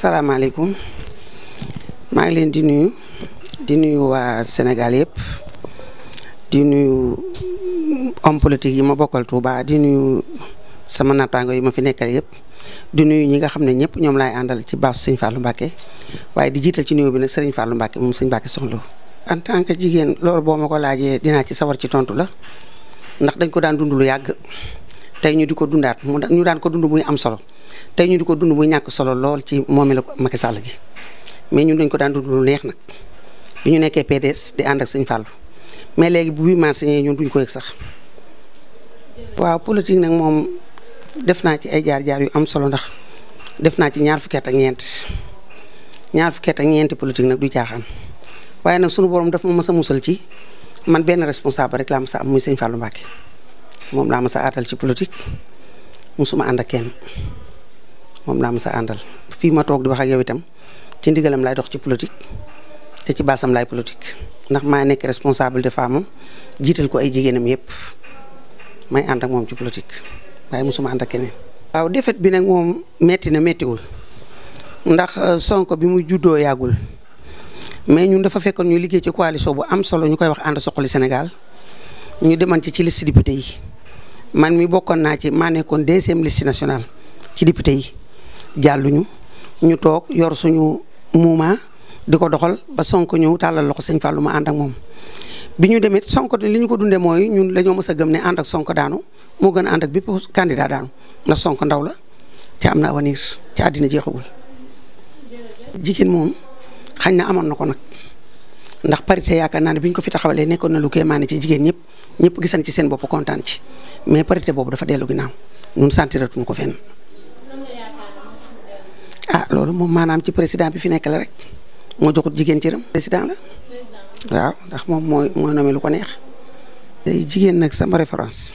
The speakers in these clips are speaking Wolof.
salaamaaleykum maa ngi leen di nuyu di nuyu waa Sénégal yëpp di nuyu homme politique yi ma bokkal Touba di nuyu sama nattaango yi ma fi nekkal yëpp di nuyu ñi nga xam ne ñëpp ñoom laay àndal ci baasu Serigne Fallou Mbacké waaye di jiital ci nuyu bi nag Serigne Fallou Mbacké moom Serigne Mbacké Soxna Lo en tant que jigéen loolu boo ma ko laajee dinaa ci sawar ci tontu la ndax dañ ko daan dund lu yàgg tey ñu di ko dundaat mu ñu daan ko dund muy am solo. tay ñu diko dund bu ñak solo lol ci momi la Macky Sall gi mais ñun dañ ko daan dund lu neex nak bi ñu nekkee PDS di and ak Serigne Fallou mais légui bu 8 mars ñee ñun duñ ko yëg sax. waaw politique nak mom def naa ci ay jaar-jaar yu am solo ndax def naa ci ñaar fukki ak ñent ñaar fukki ak ñent politique nak du caaxaan waye nak suñu borom daf ma mësa musal ci man ben responsable rek la mësa am muy Serigne Fallou Mbacké mom la mësa atal ci politique musuma and ak kenn. moom laa mës sa àndal fii ma toog di wax ak yow itam ci ndigalam laay dox ci politique te ci baasam laay politique ndax maa nekk responsable de femme am jiital ko ay jigéenam yëpp may ànd ak moom ci politique waaye mosuma ànd ak keneen. waaw défet bi nag moom metti na mettiwul ndax euh, Sonko bi mu juddoo yàggul mais ñun dafa fekkoon ñuy liggéey ci coalition bu am solo ñu koy wax ànd soxali Sénégal ñu demoon ci ci liste député yi man mi bokkoon naa ci maa nekkoon deuxième liste nationale ci député jàlluñu ñu tok yor suñu muma diko doxal ba Sonko ñëw talal loxo sëñ fallu ma and ak mom biñu demit Sonko li ñu ko dundé moy ñun la mësa gëm ne and ak Sonko daanu mo gën and ak bépp candidat daanu na Sonko ndaw la ci amna na avenir ci adina jeexagul. jigen mom xagn na amoon na ndax parité yaaka ne ko fi taxawalee nekkoon na lu mané ci jigen ñep ñep gisan ci seen bop contane ci mais parité dafa délu ginaaw ñun ko fenn. ah loolu moom maanaam ci président bi fi nekk la rek moo joxut jigéen ci cëram président la waaw ndax moom mooy mooy lu ko neex. jigéen nag sama référence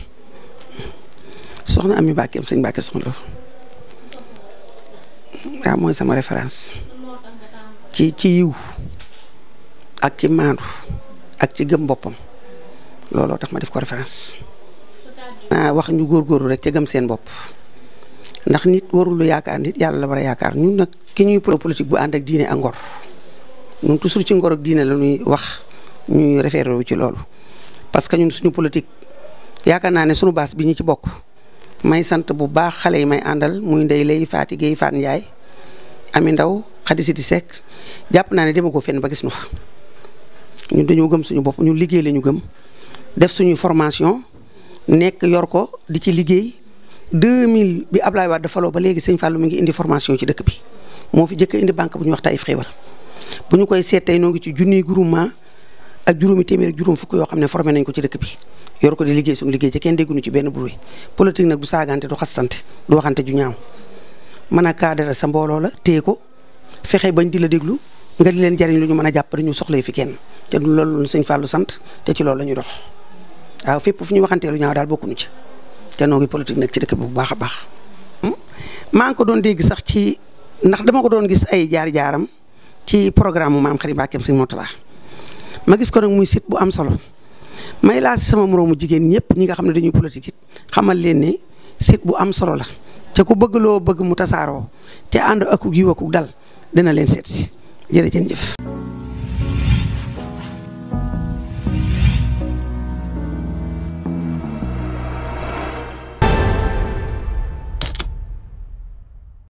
soxna Ami Mbackeem sëñ Mbacke soxna waaw mooy sama référence ci ci yiw ak ci maandu ak ci gëm boppam looloo tax ma def ko référence. ah wax ñu góorgóorlu rek ci gëm seen bopp. ndax nit warul yaakaar nit yàlla la war a yaakaar ñun nag ki ñuy pro politique bu ànd ak diine ak ngor ñun toujours ci ngor ak diine la ñuy wax ñuy référé wu ci loolu. parce que ñun suñu politique yaakaar naa ne suñu baas bi ñi ci bokk may sant bu baax xale yi may àndal muy ndey lay Faati Gueye Faat yaay Ami Ndaw Xadi di Seck jàpp naa ne dema ko fenn ba gis nu fa ñun dañoo gëm suñu bopp ñun liggéey la ñu gëm def suñu formation nekk yor ko di ci liggéey. 2000 bi Ablaye Wade faloo ba léegi sëñ Fallou mi ngi indi formation ci dëkk bi moo fi jëkk indi banque bu ñu wax Taif Xéewal bu ñu koy seet tey noo ngi ci junniy groupement ak juróomi téeméer ak juróom fukk yoo xam ne formé nañ ko ci dëkk bi yor ko di liggéey suñu liggéey ci kenn dégguñu ci benn bruit politique nag du saagante du xastante du waxante ju ñaaw mën a cadre sa mbooloo la téye ko fexe bañ di la déglu nga di leen jariñ lu ñu mën a jàpp ñu soxla fi kenn te loolu sëñ Fallou sant te ci loolu la ñu dox waaw fu ñu waxantee lu ñaaw daal bokkuñu ci te noo ngi politique nag ci dëkk bu baax a baax. Hmm? maa ngi ko doon dégg sax ci ndax dama ko doon gis ay jaar jaaram ci programme mu maam Xari Mbàkkeem Sëñ Murtala ma gis ko nag muy site bu am solo may laa si sama moroomu jigéen ñëpp ñi nga xam ne dañuy politique it xamal leen ne site bu am solo la te ku bëgg loo bëgg mu tasaaroo te ànd akug yiw akug dal dina leen seet si jërëjëf.